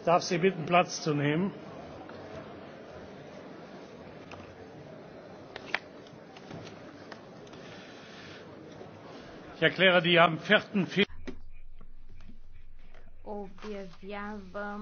Ich darf Sie bitten, Platz zu nehmen. Ich erkläre die am 4. Februar